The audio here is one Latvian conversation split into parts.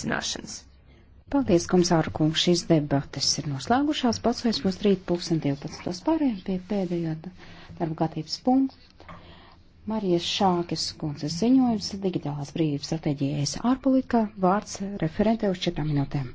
zināšanas. Paldies, komisāra kungs, šīs debates ir noslēgušās. Balsojums būs rīt 2012. pārējiem pie pēdējā darba gatības punkta. Marijas Šākes kundzes ziņojums digitālās brīvības stratēģijas ārpolitikā vārds referentē uz četrām minūtēm.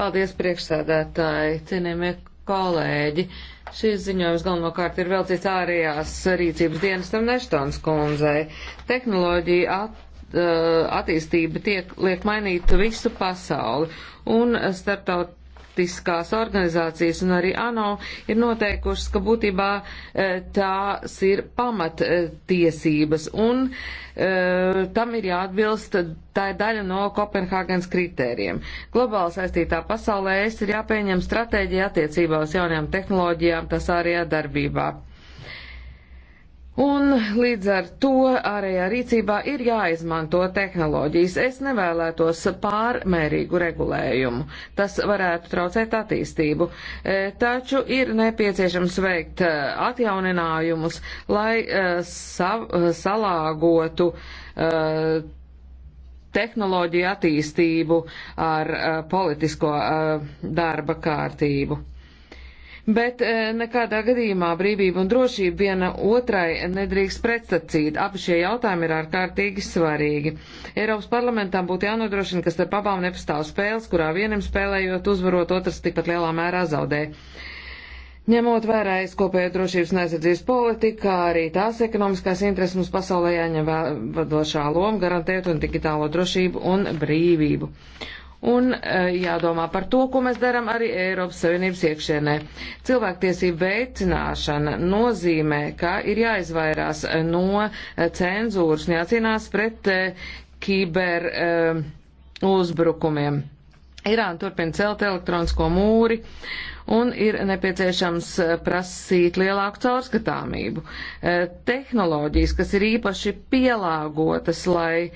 Paldies, priekšsēdētāji, cienījamie kolēģi. Šīs ziņojums galvenokārt ir veltīts ārējās rīcības dienestam Neštons kundzei. Tehnoloģija at Uh, attīstība tiek, liek mainīt visu pasauli. Un starptautiskās organizācijas un arī ANO ir noteikušas, ka būtībā uh, tās ir pamattiesības. Uh, un tam ir jāatbilst, tā ir daļa no Kopenhāgenes kritērijiem. Globāli saistītā pasaulē es ir jāpieņem stratēģija attiecībā uz jaunajām tehnoloģijām, tas arī jādarbībā. Un līdz ar to ārējā rīcībā ir jāizmanto tehnoloģijas. Es nevēlētos pārmērīgu regulējumu. Tas varētu traucēt attīstību. E, taču ir nepieciešams veikt e, atjauninājumus, lai e, sav, e, salāgotu e, tehnoloģiju attīstību ar e, politisko darba kārtību. Bet e, nekādā gadījumā brīvība un drošība viena otrai nedrīkst pretstacīt. Abi šie jautājumi ir ārkārtīgi svarīgi. Eiropas parlamentam būtu jānodrošina, ka starp abām nepastāv spēles, kurā vienam spēlējot uzvarot, otrs tikpat lielā mērā zaudē. Ņemot vērā aizkopēju drošības un aizsardzības politiku, kā arī tās ekonomiskās intereses mums pasaulē jāņem vadošā loma, garantēt un digitālo drošību un brīvību un e, jādomā par to, ko mēs darām arī Eiropas Savienības iekšienē. Cilvēktiesību veicināšana nozīmē, ka ir jāizvairās no e, cenzūras un jācīnās pret e, kiber uzbrukumiem. Irāna turpina celt elektronisko mūri un ir nepieciešams eh, prasīt lielāku caurskatāmību. Eh, tehnoloģijas, kas ir īpaši pielāgotas, lai eh,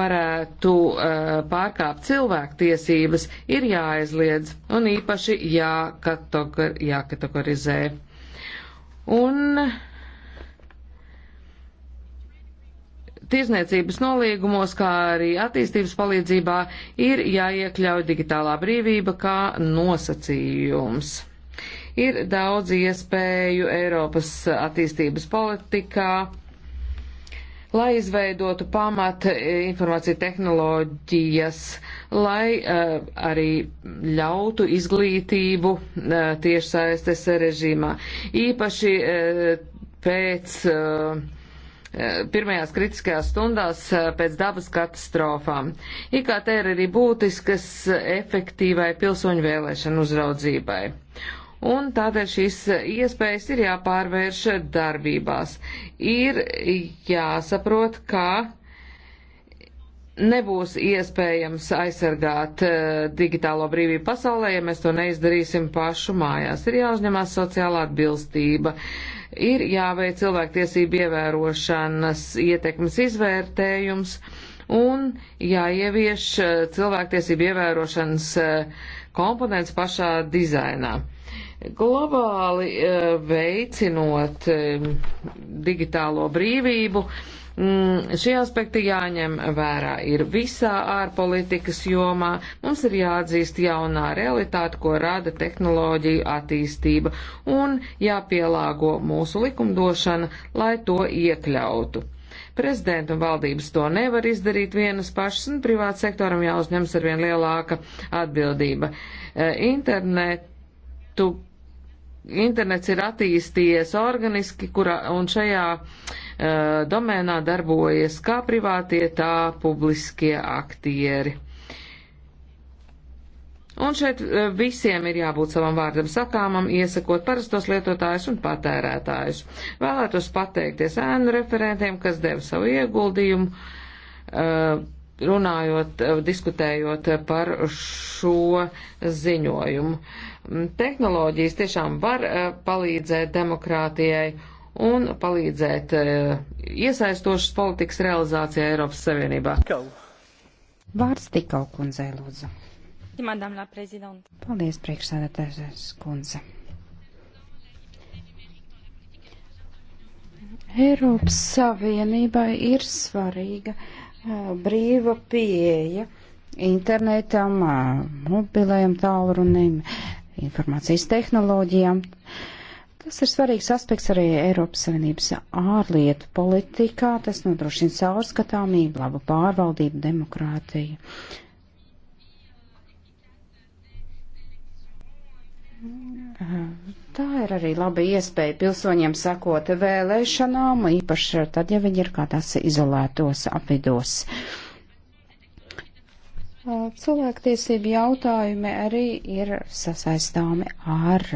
varētu pārkāpt cilvēktiesības, ir jāaizliedz un īpaši jākategorizē. Un tirzniecības nolīgumos, kā arī attīstības palīdzībā ir jāiekļauj digitālā brīvība kā nosacījums. Ir daudz iespēju Eiropas attīstības politikā, lai izveidotu pamat e, informāciju tehnoloģijas, lai uh, arī ļautu izglītību uh, tiešsaistes režīmā. Īpaši uh, pēc uh, Eh, pirmajās kritiskajās stundās eh, pēc dabas katastrofām. IKT ir arī būtiskas efektīvai pilsoņu vēlēšanu uzraudzībai. Un tādēļ šīs iespējas ir jāpārvērš darbībās. Ir jāsaprot, ka nebūs iespējams aizsargāt eh, digitālo brīvību pasaulē, ja mēs to neizdarīsim pašu mājās. Ir jāuzņemās sociālā atbilstība. Uh, Ir jāveic cilvēktiesību ievērošanas ietekmes izvērtējums un jāievieš eh, cilvēktiesību ievērošanas eh, komponents pašā dizainā. Uh, Globāli eh, veicinot eh, digitālo brīvību, mm, šie aspekti jāņem vērā ir visā ārpolitikas jomā. Mums ir jāatzīst jaunā realitāte, ko rada tehnoloģiju attīstība, un jāpielāgo mūsu likumdošana, lai to iekļautu. Prezidenta un valdības to nevar izdarīt vienas pašas, un privāta sektoram jāuzņems arvien lielāka atbildība. Eh, internetu internets ir attīstījies organiski, kurā, un šajā uh, domēnā darbojas kā privātie, tā publiskie aktieri. Un šeit uh, visiem ir jābūt savam vārdam sakāmam, iesakot parastos lietotājus un patērētājus. Vēlētos pateikties ēnu referentiem, kas deva savu ieguldījumu. Uh, runājot, eh, diskutējot par šo ziņojumu. Mm, tehnoloģijas tiešām var eh, palīdzēt demokrātijai un palīdzēt eh, iesaistošas politikas realizācijai Eiropas Savienībā. Vārds tikau kundzei lūdzu. Paldies, priekšsēdētājas kundze. Eiropas Savienībai ir svarīga uh, brīva pieeja internetam, mobilajam tālrunim, informācijas tehnoloģijām. Tas ir svarīgs aspekts arī Eiropas Savienības ārlietu politikā. Tas nodrošina caurskatāmību, labu pārvaldību, demokrātiju. Tā ir arī laba iespēja pilsoņiem sakot vēlēšanām, īpaši tad, ja viņi ir kādās izolētos apvidos. Cilvēktiesību jautājumi arī ir sasaistāmi ar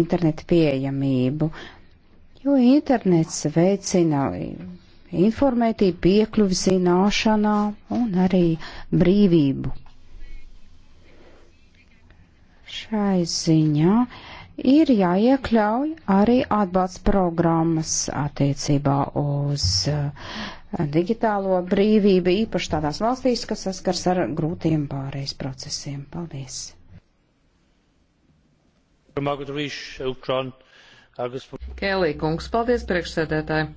internetu pieejamību, jo internets veicina informētību, piekļuvi zināšanā un arī brīvību. Šai ziņā ir jāiekļauj arī atbalsts programmas attiecībā uz uh, digitālo brīvību, īpaši tādās valstīs, kas saskars ar grūtiem pārējais procesiem. Paldies! Kēlī kungs, paldies priekšsēdētāji!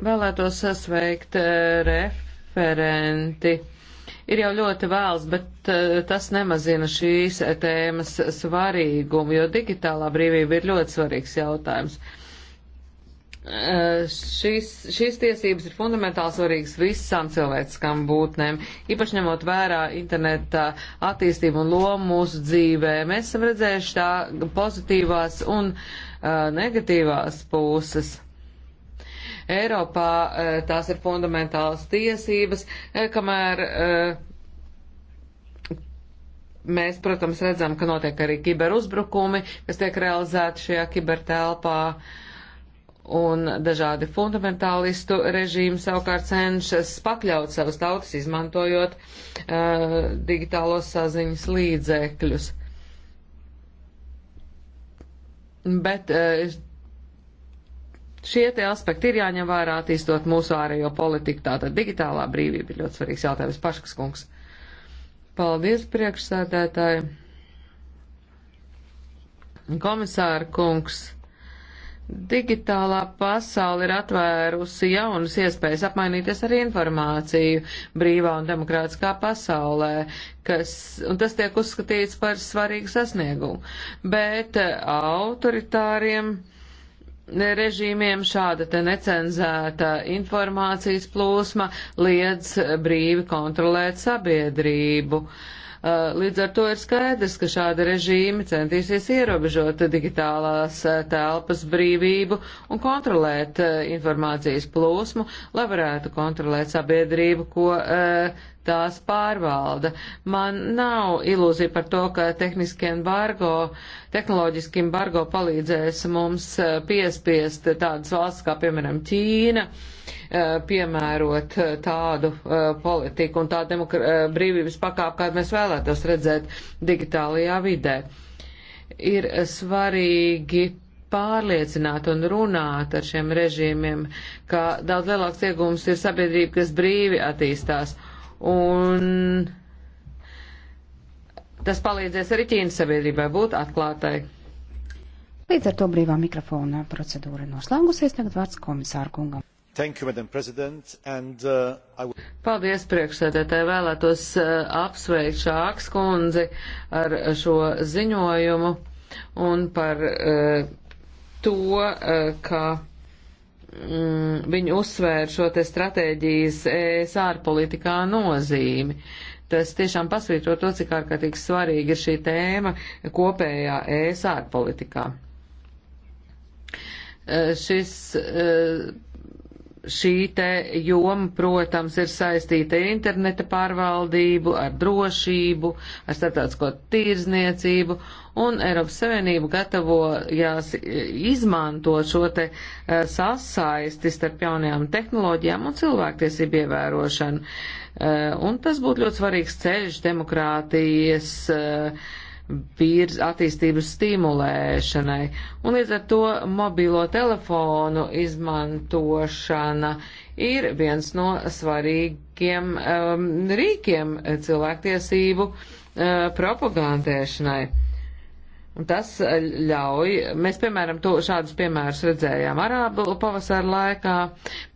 Vēlētos sveikt eh, referenti Ir jau ļoti vēls, bet eh, tas nemazina šīs tēmas svarīgumu, jo digitālā brīvība ir ļoti svarīgs jautājums. Eh, šis, šīs tiesības ir fundamentāli svarīgas visām cilvēciskām būtnēm, īpaši ņemot vērā interneta attīstību un lomu mūsu dzīvē. Mēs esam redzējuši tā pozitīvās un uh, negatīvās puses. Eiropā e, tās ir fundamentālas tiesības, e, kamēr e, mēs, protams, redzam, ka notiek arī kiberuzbrukumi, kas tiek realizēti šajā kibertelpā. Un dažādi fundamentālistu režīmi savukārt cenšas pakļaut savas tautas, izmantojot uh, digitālos saziņas līdzekļus. Bet uh, Šie te aspekti ir jāņem vērā attīstot mūsu ārējo politiku, tātad digitālā brīvība ir ļoti svarīgs jautājums paškas kungs. Paldies, priekšsēdētāji. Komisāra kungs. Digitālā pasaule ir atvērusi jaunas iespējas apmainīties ar informāciju brīvā un demokrātiskā pasaulē, kas, un tas tiek uzskatīts par svarīgu sasniegumu. Bet eh, autoritāriem uh, režīmiem šāda te necenzēta informācijas plūsma liedz brīvi kontrolēt sabiedrību. Uh, Eh, līdz ar to ir skaidrs, ka šāda režīma centīsies ierobežot digitālās eh, telpas brīvību un kontrolēt eh, informācijas plūsmu, lai varētu kontrolēt sabiedrību, ko tās pārvalda. Man nav ilūzija par to, ka tehniski embargo, tehnoloģiski embargo palīdzēs mums piespiest tādas valsts kā, piemēram, Ķīna Eh, piemērot eh, tādu eh, politiku un tādu brīvības pakāpu, kādu mēs vēlētos redzēt digitālajā vidē. Ir svarīgi pārliecināt un runāt ar šiem režīmiem, ka daudz lielāks iegums ir sabiedrība, kas brīvi attīstās. Un tas palīdzēs arī Ķīnas sabiedrībai būt atklātai. Līdz ar to brīvā mikrofona procedūra noslēgusies, tagad vārds komisāru kungam. You, And, uh, will... Paldies, priekšsēdētāji. Vēlētos uh, apsveikt Šāks kundzi ar šo ziņojumu un par uh, to, uh, ka mm, viņi uzsvēr šo te stratēģijas ES ārpolitikā nozīmi. Tas tiešām pasvītro to, cik ārkārtīgi svarīga ir šī tēma kopējā ES ārpolitikā. Uh, šis uh, Šī te joma, protams, ir saistīta ar interneta pārvaldību, ar drošību, ar starptautisko tirzniecību, un Eiropas Savienība gatavojās eh, izmantot šo te eh, sasaisti starp jaunajām tehnoloģijām un cilvēktiesību ievērošanu. Eh, un tas būtu ļoti svarīgs ceļš demokrātijas uh, virz attīstības stimulēšanai. Un līdz ar to mobilo telefonu izmantošana ir viens no svarīgiem um, rīkiem cilvēktiesību uh, propagandēšanai. Un tas ļauj, mēs piemēram to, šādus piemērus redzējām Arābu pavasara laikā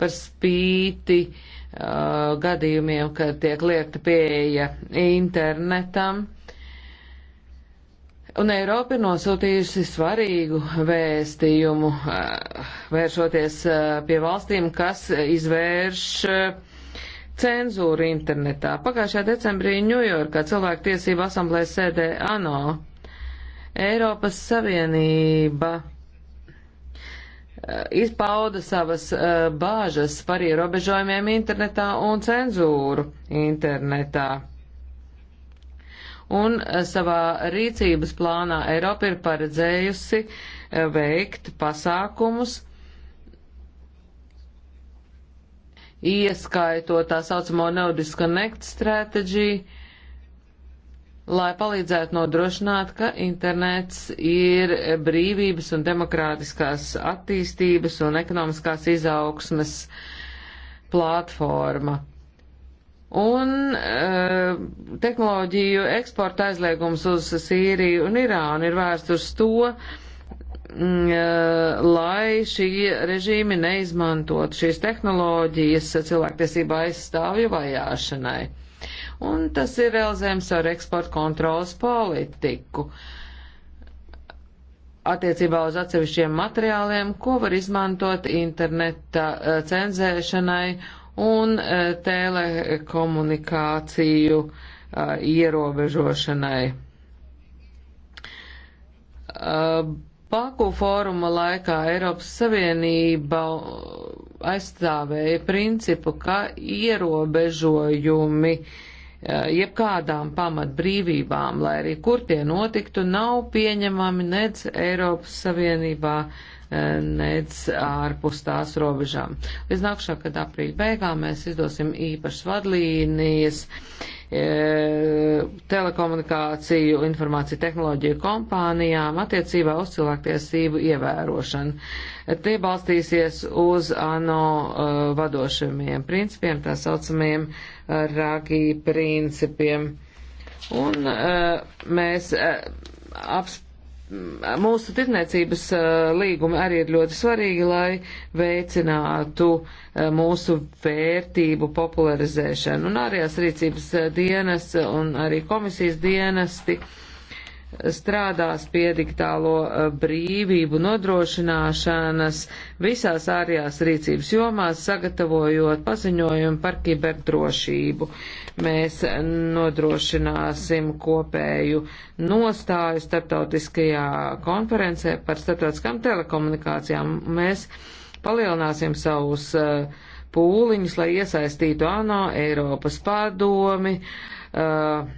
par spīti uh, gadījumiem, kad tiek liekta pieeja internetam. Un Eiropa ir nosūtījusi svarīgu vēstījumu, eh, vēršoties eh, pie valstīm, kas izvērš eh, cenzūru internetā. Pagājušajā decembrī Ņujorkā cilvēku tiesību asamblēs sēdē ANO. Eiropas Savienība izpauda savas bāžas par ierobežojumiem internetā un cenzūru internetā un eh, savā rīcības plānā Eiropa ir paredzējusi eh, veikt pasākumus, ieskaitot tā saucamo no disconnect stratēģiju, lai palīdzētu nodrošināt, ka internets ir brīvības un demokrātiskās attīstības un ekonomiskās izaugsmes platforma. Un uh, tehnoloģiju eksporta aizliegums uz Sīriju un Irānu ir vērsts uz to, mm, eh, lai šī režīmi neizmantot šīs tehnoloģijas cilvēktiesība aizstāvju vajāšanai. Un tas ir realizējams ar eksporta kontrolas politiku attiecībā uz atsevišķiem materiāliem, ko var izmantot interneta eh, cenzēšanai un e, telekomunikāciju e, ierobežošanai. E, Baku fóruma laikā Eiropas Savienība aizstāvēja principu, ka ierobežojumi jebkādām pamatbrīvībām, lai arī kur tie notiktu, nav pieņemami nec Eiropas Savienībā, uh, nec ārpus tās robežām. Līdz nākšā gada aprīļa beigām mēs izdosim īpašas vadlīnijas e, telekomunikāciju, informāciju tehnoloģiju kompānijām attiecībā uz cilvēktiesību ievērošanu. Tie balstīsies uz ANO e, vadošajiem principiem, tā saucamiem RAGI principiem. Un e, mēs apspriežam Mūsu tirdzniecības līgumi arī ir ļoti svarīgi, lai veicinātu mūsu vērtību popularizēšanu. Un arī rīcības dienas un arī komisijas dienesti uh, strādās pie digitālo eh, brīvību nodrošināšanas visās ārējās rīcības jomās, sagatavojot paziņojumu par kiberdrošību. Mēs nodrošināsim kopēju nostāju starptautiskajā konferencē par starptautiskām telekomunikācijām. Mēs palielināsim savus eh, pūliņus, lai iesaistītu ANO, Eiropas padomi, uh,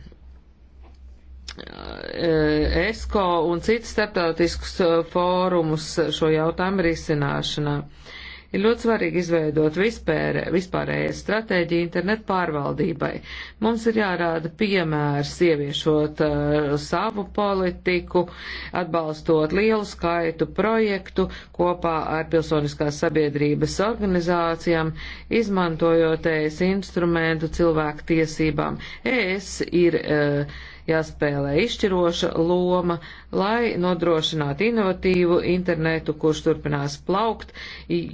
Eh, ESCO un citas starptautiskus eh, fórumus šo jautājumu risināšanā. Ir ļoti svarīgi izveidot vispēr, vispārējai stratēģiju internetu pārvaldībai. Mums ir jārāda piemērs ieviešot uh, savu politiku, atbalstot lielu skaitu projektu kopā ar pilsoniskās sabiedrības organizācijām, izmantojot ES instrumentu cilvēku tiesībām. ES ir uh, jāspēlē izšķiroša loma, lai nodrošinātu inovatīvu internetu, kurš turpinās plaukt,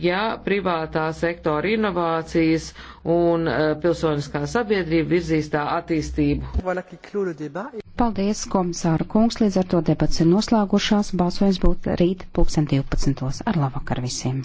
ja privātā sektora inovācijas un eh, pilsoniskā sabiedrība virzīs tā attīstību. Paldies, komisāra kungs, līdz ar to debats ir noslēgušās, balsojums būtu rīt 2012. ar labvakar visiem.